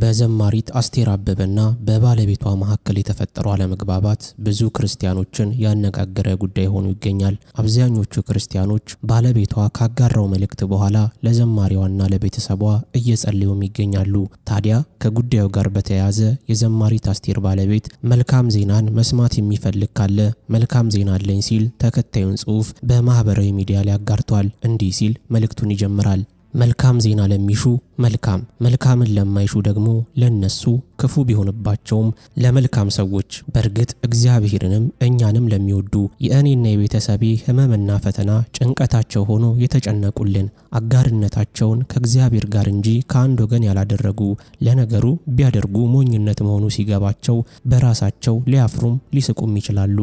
በዘማሪት አስቴር አበበና በባለቤቷ መካከል የተፈጠረው አለመግባባት ብዙ ክርስቲያኖችን ያነጋገረ ጉዳይ ሆኖ ይገኛል። አብዛኞቹ ክርስቲያኖች ባለቤቷ ካጋራው መልእክት በኋላ ለዘማሪዋና ለቤተሰቧ እየጸለዩም ይገኛሉ። ታዲያ ከጉዳዩ ጋር በተያያዘ የዘማሪት አስቴር ባለቤት መልካም ዜናን መስማት የሚፈልግ ካለ መልካም ዜና አለኝ ሲል ተከታዩን ጽሑፍ በማህበራዊ ሚዲያ ላይ አጋርቷል። እንዲህ ሲል መልእክቱን ይጀምራል። መልካም ዜና ለሚሹ መልካም፣ መልካምን ለማይሹ ደግሞ ለነሱ ክፉ ቢሆንባቸውም ለመልካም ሰዎች በእርግጥ እግዚአብሔርንም እኛንም ለሚወዱ የእኔና የቤተሰቤ ሕመምና ፈተና ጭንቀታቸው ሆኖ የተጨነቁልን አጋርነታቸውን ከእግዚአብሔር ጋር እንጂ ከአንድ ወገን ያላደረጉ ለነገሩ ቢያደርጉ ሞኝነት መሆኑ ሲገባቸው በራሳቸው ሊያፍሩም ሊስቁም ይችላሉ።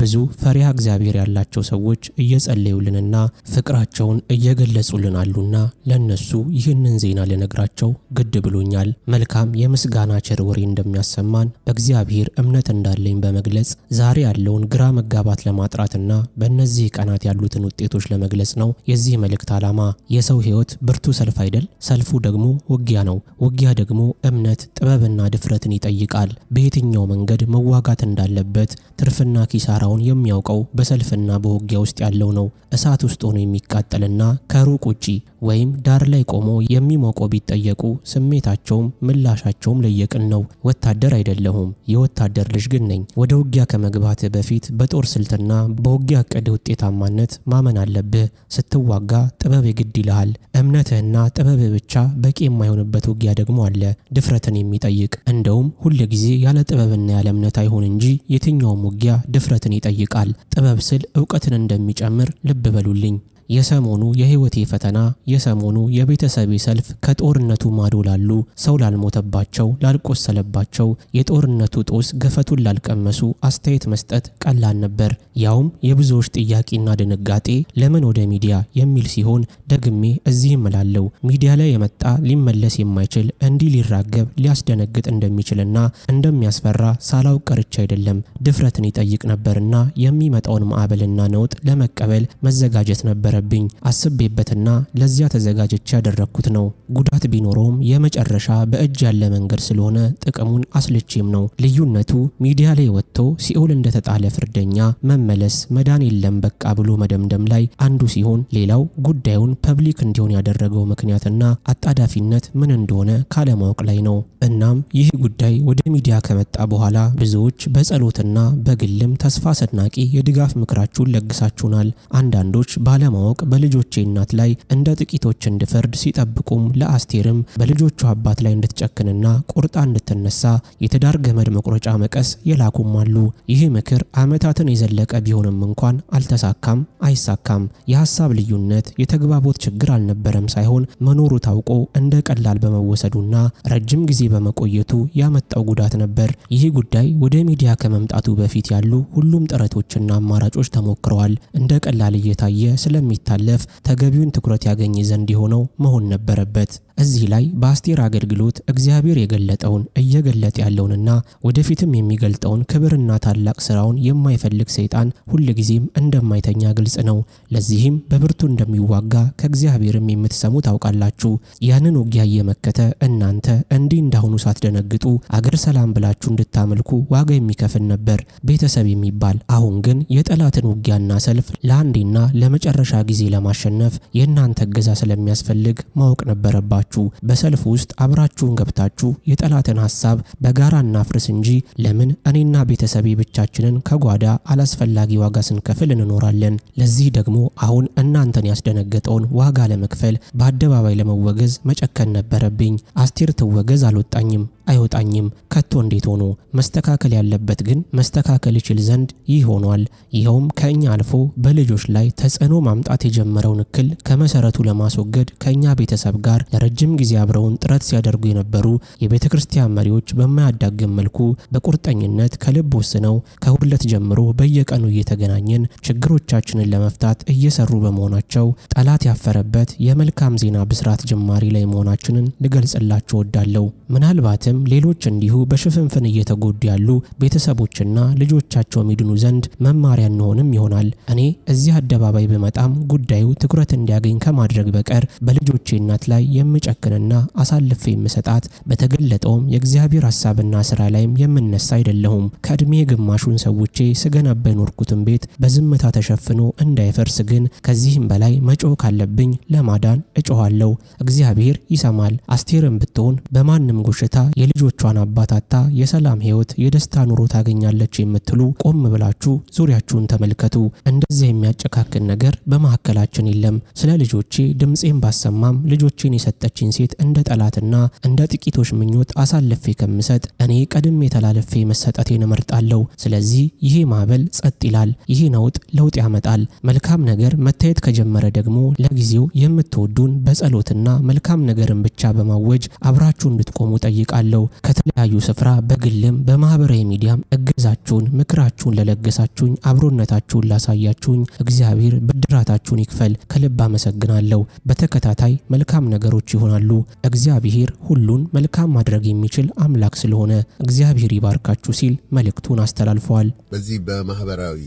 ብዙ ፈሪሃ እግዚአብሔር ያላቸው ሰዎች እየጸለዩልንና ፍቅራቸውን እየገለጹልን አሉና ለነሱ ይህንን ዜና ልነግራቸው ግድ ብሎኛል። መልካም የምስጋና ቸር የእግዚአብሔር ወሬ እንደሚያሰማን በእግዚአብሔር እምነት እንዳለኝ በመግለጽ ዛሬ ያለውን ግራ መጋባት ለማጥራትና በእነዚህ ቀናት ያሉትን ውጤቶች ለመግለጽ ነው የዚህ መልእክት ዓላማ። የሰው ሕይወት ብርቱ ሰልፍ አይደል? ሰልፉ ደግሞ ውጊያ ነው። ውጊያ ደግሞ እምነት፣ ጥበብና ድፍረትን ይጠይቃል። በየትኛው መንገድ መዋጋት እንዳለበት ትርፍና ኪሳራውን የሚያውቀው በሰልፍና በውጊያ ውስጥ ያለው ነው። እሳት ውስጥ ሆኖ የሚቃጠልና ከሩቅ ውጪ ወይም ዳር ላይ ቆሞ የሚሞቆ ቢጠየቁ ስሜታቸውም ምላሻቸውም ለየቅን ነው። ወታደር አይደለሁም፣ የወታደር ልጅ ግን ነኝ። ወደ ውጊያ ከመግባት በፊት በጦር ስልትና በውጊያ እቅድ ውጤታማነት ማመን አለብህ። ስትዋጋ ጥበብ የግድ ይልሃል። እምነትህና ጥበብ ብቻ በቂ የማይሆንበት ውጊያ ደግሞ አለ፣ ድፍረትን የሚጠይቅ እንደውም ሁል ጊዜ ያለ ጥበብና ያለ እምነት አይሆን እንጂ የትኛውም ውጊያ ድፍረትን ይጠይቃል። ጥበብ ስል እውቀትን እንደሚጨምር ልብ በሉልኝ። የሰሞኑ የህይወቴ ፈተና፣ የሰሞኑ የቤተሰቤ ሰልፍ ከጦርነቱ ማዶ ላሉ ሰው ላልሞተባቸው፣ ላልቆሰለባቸው፣ የጦርነቱ ጦስ ገፈቱን ላልቀመሱ አስተያየት መስጠት ቀላል ነበር። ያውም የብዙዎች ጥያቄና ድንጋጤ ለምን ወደ ሚዲያ የሚል ሲሆን ደግሜ እዚህም ምላለው ሚዲያ ላይ የመጣ ሊመለስ የማይችል እንዲህ ሊራገብ ሊያስደነግጥ እንደሚችልና እንደሚያስፈራ ሳላውቅ ቀርቼ አይደለም። ድፍረትን ይጠይቅ ነበርና የሚመጣውን ማዕበልና ነውጥ ለመቀበል መዘጋጀት ነበረ ነበረብኝ። አስቤበትና ለዚያ ተዘጋጅቼ ያደረግኩት ነው። ጉዳት ቢኖረውም የመጨረሻ በእጅ ያለ መንገድ ስለሆነ ጥቅሙን አስልቼም ነው። ልዩነቱ ሚዲያ ላይ ወጥቶ ሲኦል እንደተጣለ ፍርደኛ መመለስ መዳን የለም በቃ ብሎ መደምደም ላይ አንዱ ሲሆን፣ ሌላው ጉዳዩን ፐብሊክ እንዲሆን ያደረገው ምክንያትና አጣዳፊነት ምን እንደሆነ ካለማወቅ ላይ ነው። እናም ይህ ጉዳይ ወደ ሚዲያ ከመጣ በኋላ ብዙዎች በጸሎትና በግልም ተስፋ አስደናቂ የድጋፍ ምክራችሁን ለግሳችሁናል። አንዳንዶች ባለማወቅ ለማወቅ በልጆቼ እናት ላይ እንደ ጥቂቶች እንድፈርድ ሲጠብቁም ለአስቴርም በልጆቹ አባት ላይ እንድትጨክንና ቁርጣ እንድትነሳ የትዳር ገመድ መቁረጫ መቀስ የላኩም አሉ። ይህ ምክር ዓመታትን የዘለቀ ቢሆንም እንኳን አልተሳካም፣ አይሳካም። የሀሳብ ልዩነት የተግባቦት ችግር አልነበረም ሳይሆን መኖሩ ታውቆ እንደ ቀላል በመወሰዱና ረጅም ጊዜ በመቆየቱ ያመጣው ጉዳት ነበር። ይህ ጉዳይ ወደ ሚዲያ ከመምጣቱ በፊት ያሉ ሁሉም ጥረቶችና አማራጮች ተሞክረዋል። እንደ ቀላል እየታየ ስለሚ የሚታለፍ ተገቢውን ትኩረት ያገኘ ዘንድ የሆነው መሆን ነበረበት። እዚህ ላይ በአስቴር አገልግሎት እግዚአብሔር የገለጠውን እየገለጠ ያለውንና ወደፊትም የሚገልጠውን ክብርና ታላቅ ስራውን የማይፈልግ ሰይጣን ሁልጊዜም እንደማይተኛ ግልጽ ነው። ለዚህም በብርቱ እንደሚዋጋ ከእግዚአብሔርም የምትሰሙ ታውቃላችሁ። ያንን ውጊያ እየመከተ እናንተ እንዲህ እንዳሁኑ ሳትደነግጡ አገር ሰላም ብላችሁ እንድታመልኩ ዋጋ የሚከፍል ነበር ቤተሰብ የሚባል አሁን ግን የጠላትን ውጊያና ሰልፍ ለአንዴና ለመጨረሻ ጊዜ ለማሸነፍ የእናንተ እገዛ ስለሚያስፈልግ ማወቅ ነበረባችሁ። ሆናችሁ በሰልፍ ውስጥ አብራችሁን ገብታችሁ የጠላትን ሀሳብ በጋራ እናፍርስ እንጂ ለምን እኔና ቤተሰቤ ብቻችንን ከጓዳ አላስፈላጊ ዋጋ ስንከፍል እንኖራለን? ለዚህ ደግሞ አሁን እናንተን ያስደነገጠውን ዋጋ ለመክፈል በአደባባይ ለመወገዝ መጨከን ነበረብኝ። አስቴር ትወገዝ አልወጣኝም። አይወጣኝም ከቶ እንዴት ሆኖ መስተካከል ያለበት ግን መስተካከል ይችል ዘንድ ይህ ሆኗል። ይኸውም ከእኛ አልፎ በልጆች ላይ ተጽዕኖ ማምጣት የጀመረውን እክል ከመሰረቱ ለማስወገድ ከእኛ ቤተሰብ ጋር ለረጅም ጊዜ አብረውን ጥረት ሲያደርጉ የነበሩ የቤተ ክርስቲያን መሪዎች በማያዳግም መልኩ በቁርጠኝነት ከልብ ወስነው ከሁለት ጀምሮ በየቀኑ እየተገናኘን ችግሮቻችንን ለመፍታት እየሰሩ በመሆናቸው ጠላት ያፈረበት የመልካም ዜና ብስራት ጅማሬ ላይ መሆናችንን ልገልጽላችሁ ወዳለሁ። ምናልባትም ሌሎች እንዲሁ በሽፍንፍን እየተጎዱ ያሉ ቤተሰቦችና ልጆቻቸው የሚድኑ ዘንድ መማሪያ እንሆንም ይሆናል። እኔ እዚህ አደባባይ ብመጣም ጉዳዩ ትኩረት እንዲያገኝ ከማድረግ በቀር በልጆቼ እናት ላይ የምጨክንና አሳልፌ የምሰጣት በተገለጠውም የእግዚአብሔር ሀሳብና ስራ ላይም የምነሳ አይደለሁም። ከዕድሜ ግማሹን ሰዎቼ ስገነባ የኖርኩትን ቤት በዝምታ ተሸፍኖ እንዳይፈርስ ግን ከዚህም በላይ መጮህ ካለብኝ ለማዳን እጮኋለሁ። እግዚአብሔር ይሰማል። አስቴርም ብትሆን በማንም ጎሽታ የልጆቿን አባት አታ የሰላም ህይወት፣ የደስታ ኑሮ ታገኛለች የምትሉ ቆም ብላችሁ ዙሪያችሁን ተመልከቱ። እንደዚህ የሚያጨካክን ነገር በመካከላችን የለም። ስለ ልጆቼ ድምፄን ባሰማም ልጆቼን የሰጠችኝ ሴት እንደ ጠላትና እንደ ጥቂቶች ምኞት አሳልፌ ከምሰጥ እኔ ቀድሜ ተላልፌ መሰጠቴን እመርጣለሁ። ስለዚህ ይሄ ማዕበል ጸጥ ይላል። ይሄ ነውጥ ለውጥ ያመጣል። መልካም ነገር መታየት ከጀመረ ደግሞ ለጊዜው የምትወዱን በጸሎትና መልካም ነገርን ብቻ በማወጅ አብራችሁ እንድትቆሙ ጠይቃል። አለው። ከተለያዩ ስፍራ በግልም በማህበራዊ ሚዲያም እገዛችሁን፣ ምክራችሁን ለለገሳችሁኝ፣ አብሮነታችሁን ላሳያችሁኝ እግዚአብሔር ብድራታችሁን ይክፈል። ከልብ አመሰግናለሁ። በተከታታይ መልካም ነገሮች ይሆናሉ። እግዚአብሔር ሁሉን መልካም ማድረግ የሚችል አምላክ ስለሆነ እግዚአብሔር ይባርካችሁ ሲል መልእክቱን አስተላልፈዋል። በዚህ በማህበራዊ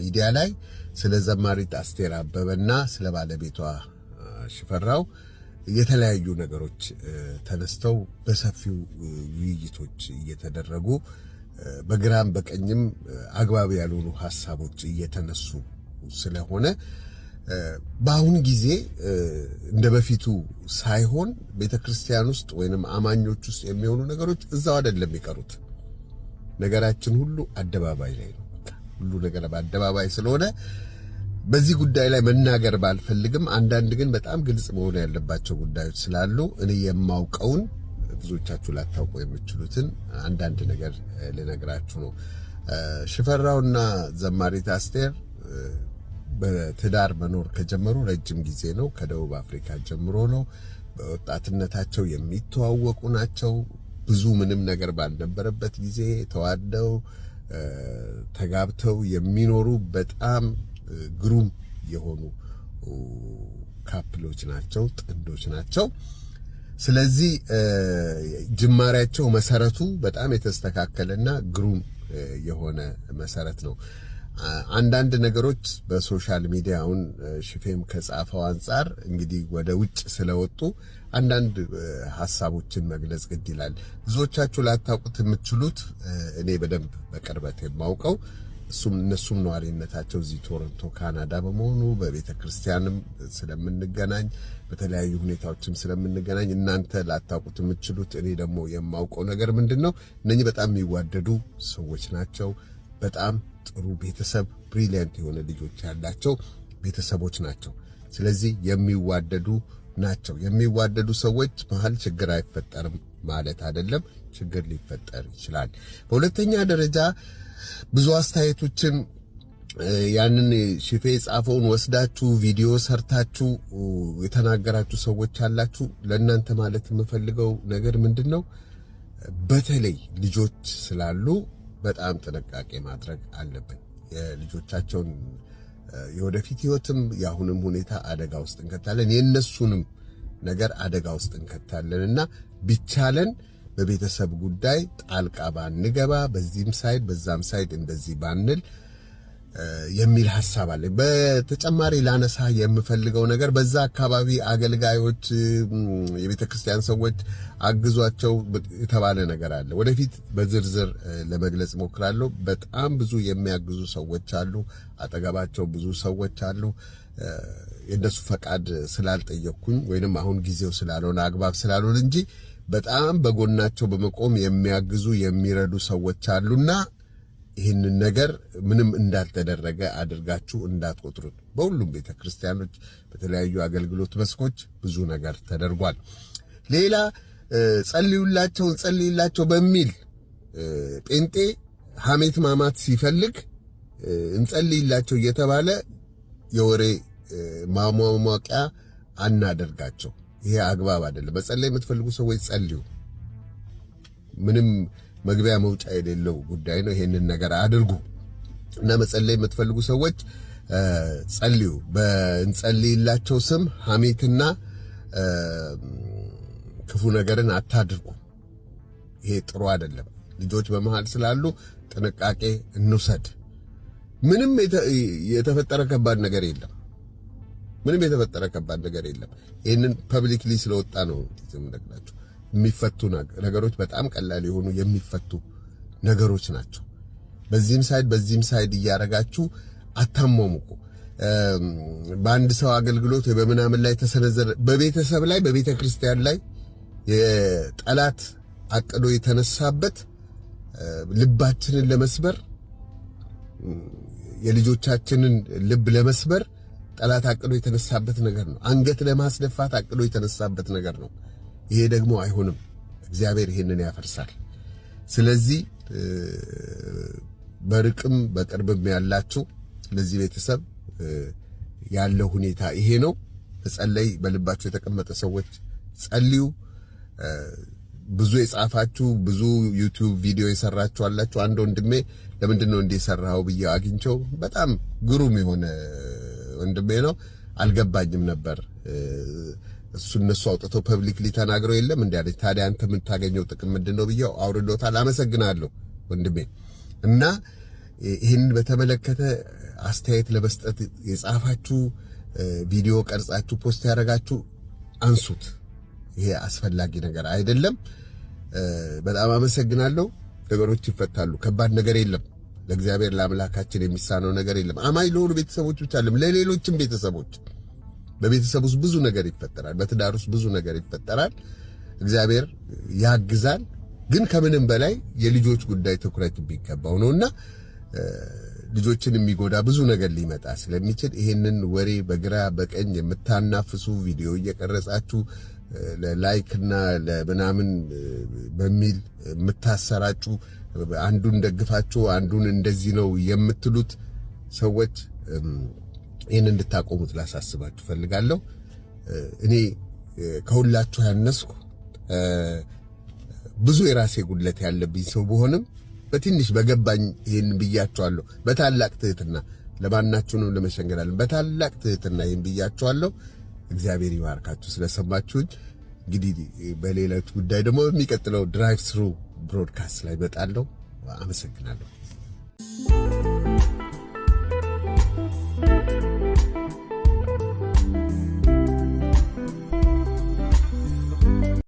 ሚዲያ ላይ ስለ ዘማሪት አስቴር አበበና ስለ ባለቤቷ ሽፈራው የተለያዩ ነገሮች ተነስተው በሰፊው ውይይቶች እየተደረጉ በግራም በቀኝም አግባብ ያልሆኑ ሀሳቦች እየተነሱ ስለሆነ በአሁን ጊዜ እንደ በፊቱ ሳይሆን ቤተ ክርስቲያን ውስጥ ወይንም አማኞች ውስጥ የሚሆኑ ነገሮች እዛው አይደለም የሚቀሩት ነገራችን ሁሉ አደባባይ ላይ ነው። ሁሉ ነገር በአደባባይ ስለሆነ በዚህ ጉዳይ ላይ መናገር ባልፈልግም አንዳንድ ግን በጣም ግልጽ መሆን ያለባቸው ጉዳዮች ስላሉ እኔ የማውቀውን ብዙዎቻችሁ ላታውቁ የምችሉትን አንዳንድ ነገር ልነግራችሁ ነው። ሽፈራውና ዘማሪት አስቴር በትዳር መኖር ከጀመሩ ረጅም ጊዜ ነው። ከደቡብ አፍሪካ ጀምሮ ነው። በወጣትነታቸው የሚተዋወቁ ናቸው። ብዙ ምንም ነገር ባልነበረበት ጊዜ ተዋደው ተጋብተው የሚኖሩ በጣም ግሩም የሆኑ ካፕሎች ናቸው፣ ጥንዶች ናቸው። ስለዚህ ጅማሬያቸው መሰረቱ በጣም የተስተካከለና ግሩም የሆነ መሰረት ነው። አንዳንድ ነገሮች በሶሻል ሚዲያ አሁን ሽፌም ከጻፈው አንጻር እንግዲህ ወደ ውጭ ስለወጡ አንዳንድ ሀሳቦችን መግለጽ ግድ ይላል። ብዙዎቻችሁ ላታውቁት የምትችሉት እኔ በደንብ በቅርበት የማውቀው እሱም እነሱም ነዋሪነታቸው እዚህ ቶሮንቶ ካናዳ በመሆኑ በቤተ ክርስቲያንም ስለምንገናኝ በተለያዩ ሁኔታዎችም ስለምንገናኝ እናንተ ላታውቁት የምችሉት እኔ ደግሞ የማውቀው ነገር ምንድን ነው፣ እነኚህ በጣም የሚዋደዱ ሰዎች ናቸው። በጣም ጥሩ ቤተሰብ፣ ብሪሊያንት የሆነ ልጆች ያላቸው ቤተሰቦች ናቸው። ስለዚህ የሚዋደዱ ናቸው። የሚዋደዱ ሰዎች መሀል ችግር አይፈጠርም ማለት አይደለም። ችግር ሊፈጠር ይችላል። በሁለተኛ ደረጃ ብዙ አስተያየቶችን ያንን ሽፌ የጻፈውን ወስዳችሁ ቪዲዮ ሰርታችሁ የተናገራችሁ ሰዎች አላችሁ። ለእናንተ ማለት የምፈልገው ነገር ምንድን ነው? በተለይ ልጆች ስላሉ በጣም ጥንቃቄ ማድረግ አለብን። የልጆቻቸውን የወደፊት ህይወትም የአሁንም ሁኔታ አደጋ ውስጥ እንከታለን፣ የእነሱንም ነገር አደጋ ውስጥ እንከታለን እና ቢቻለን በቤተሰብ ጉዳይ ጣልቃ ባንገባ፣ በዚህም ሳይድ በዛም ሳይድ እንደዚህ ባንል የሚል ሀሳብ አለ። በተጨማሪ ላነሳ የምፈልገው ነገር በዛ አካባቢ አገልጋዮች፣ የቤተ ክርስቲያን ሰዎች አግዟቸው የተባለ ነገር አለ። ወደፊት በዝርዝር ለመግለጽ እሞክራለሁ። በጣም ብዙ የሚያግዙ ሰዎች አሉ። አጠገባቸው ብዙ ሰዎች አሉ። የእነሱ ፈቃድ ስላልጠየቅኩኝ ወይንም አሁን ጊዜው ስላልሆነ አግባብ ስላልሆነ እንጂ በጣም በጎናቸው በመቆም የሚያግዙ የሚረዱ ሰዎች አሉና ይህንን ነገር ምንም እንዳልተደረገ አድርጋችሁ እንዳትቆጥሩት። በሁሉም ቤተ ክርስቲያኖች በተለያዩ አገልግሎት መስኮች ብዙ ነገር ተደርጓል። ሌላ ጸልዩላቸው እንጸልይላቸው በሚል ጴንጤ ሐሜት ማማት ሲፈልግ እንጸልይላቸው እየተባለ የወሬ ማሟሟቂያ አናደርጋቸው። ይሄ አግባብ አይደለም። መጸለይ የምትፈልጉ ሰዎች ጸልዩ። ምንም መግቢያ መውጫ የሌለው ጉዳይ ነው። ይሄንን ነገር አድርጉ እና መጸለይ የምትፈልጉ ሰዎች ጸልዩ። በእንጸልይላቸው ስም ሐሜትና ክፉ ነገርን አታድርጉ። ይሄ ጥሩ አይደለም። ልጆች በመሃል ስላሉ ጥንቃቄ እንውሰድ። ምንም የተፈጠረ ከባድ ነገር የለም። ምንም የተፈጠረ ከባድ ነገር የለም። ይህንን ፐብሊክሊ ስለወጣ ነው ምነግራቸው። የሚፈቱ ነገሮች በጣም ቀላል የሆኑ የሚፈቱ ነገሮች ናቸው። በዚህም ሳይድ በዚህም ሳይድ እያደረጋችሁ አታሟሙቁ። በአንድ ሰው አገልግሎት በምናምን ላይ ተሰነዘረ፣ በቤተሰብ ላይ በቤተ ክርስቲያን ላይ የጠላት አቅዶ የተነሳበት ልባችንን ለመስበር የልጆቻችንን ልብ ለመስበር ጠላት አቅዶ የተነሳበት ነገር ነው። አንገት ለማስደፋት አቅዶ የተነሳበት ነገር ነው። ይሄ ደግሞ አይሆንም። እግዚአብሔር ይሄንን ያፈርሳል። ስለዚህ በርቅም በቅርብም ያላችሁ ለዚህ ቤተሰብ ያለው ሁኔታ ይሄ ነው። መጸለይ በልባችሁ የተቀመጠ ሰዎች ጸልዩ። ብዙ የጻፋችሁ ብዙ ዩቲዩብ ቪዲዮ የሰራችሁ አላችሁ። አንድ ወንድሜ ለምንድን ነው እንዲህ ብዬ አግኝቸው በጣም ግሩም የሆነ ወንድሜ ነው አልገባኝም ነበር። እሱ እነሱ አውጥቶ ፐብሊክሊ ተናግረው የለም እንዲ ያለች ታዲያ አንተ የምታገኘው ጥቅም ምንድን ነው ብዬው አውርዶታል። አመሰግናለሁ ወንድሜ እና ይህንን በተመለከተ አስተያየት ለመስጠት የጻፋችሁ ቪዲዮ ቀርጻችሁ ፖስት ያደረጋችሁ አንሱት። ይሄ አስፈላጊ ነገር አይደለም። በጣም አመሰግናለሁ። ነገሮች ይፈታሉ። ከባድ ነገር የለም። ለእግዚአብሔር ለአምላካችን የሚሳነው ነገር የለም። አማኝ ለሆኑ ቤተሰቦች ብቻ አለም ለሌሎችም ቤተሰቦች በቤተሰብ ውስጥ ብዙ ነገር ይፈጠራል። በትዳር ውስጥ ብዙ ነገር ይፈጠራል። እግዚአብሔር ያግዛል። ግን ከምንም በላይ የልጆች ጉዳይ ትኩረት ነው እና ልጆችን የሚጎዳ ብዙ ነገር ሊመጣ ስለሚችል ይህንን ወሬ በግራ በቀኝ የምታናፍሱ ቪዲዮ እየቀረጻችሁ ለላይክና ለምናምን በሚል የምታሰራጩ አንዱን ደግፋችሁ አንዱን እንደዚህ ነው የምትሉት ሰዎች ይህን እንድታቆሙት ላሳስባችሁ ፈልጋለሁ። እኔ ከሁላችሁ ያነስኩ ብዙ የራሴ ጉድለት ያለብኝ ሰው ብሆንም በትንሽ በገባኝ ይህን ብያችኋለሁ። በታላቅ ትህትና ነው ለመሸንገላለን በታላቅ ትህትና ይህን ብያችኋለሁ። እግዚአብሔር ይባርካችሁ ስለሰማችሁኝ። እንግዲህ በሌሎች ጉዳይ ደግሞ የሚቀጥለው ድራይቭ ስሩ ብሮድካስት ላይ እመጣለሁ። አመሰግናለሁ።